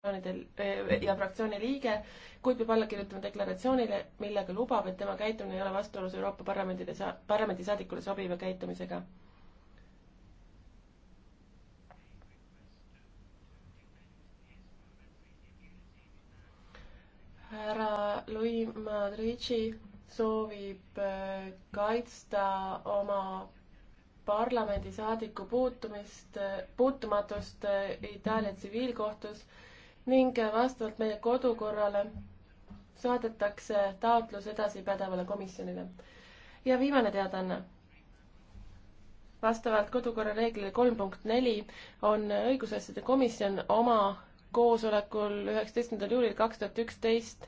fraktsioonidel eh, ja fraktsiooni liige, kuid peab alla kirjutama deklaratsioonile, millega lubab, et tema käitumine ei ole vastuolus Euroopa Parlamendide sa-, parlamendisaadikule sobiva käitumisega. härra Louis Madrici soovib eh, kaitsta oma parlamendisaadiku puutumist, puutumatust eh, Itaalia tsiviilkohtus ning vastavalt meie kodukorrale saadetakse taotlus edasi pädevale komisjonile. ja viimane teadaanne. vastavalt kodukorra reeglile kolm punkt neli on õigusasjade komisjon oma koosolekul üheksateistkümnendal juulil kaks tuhat üksteist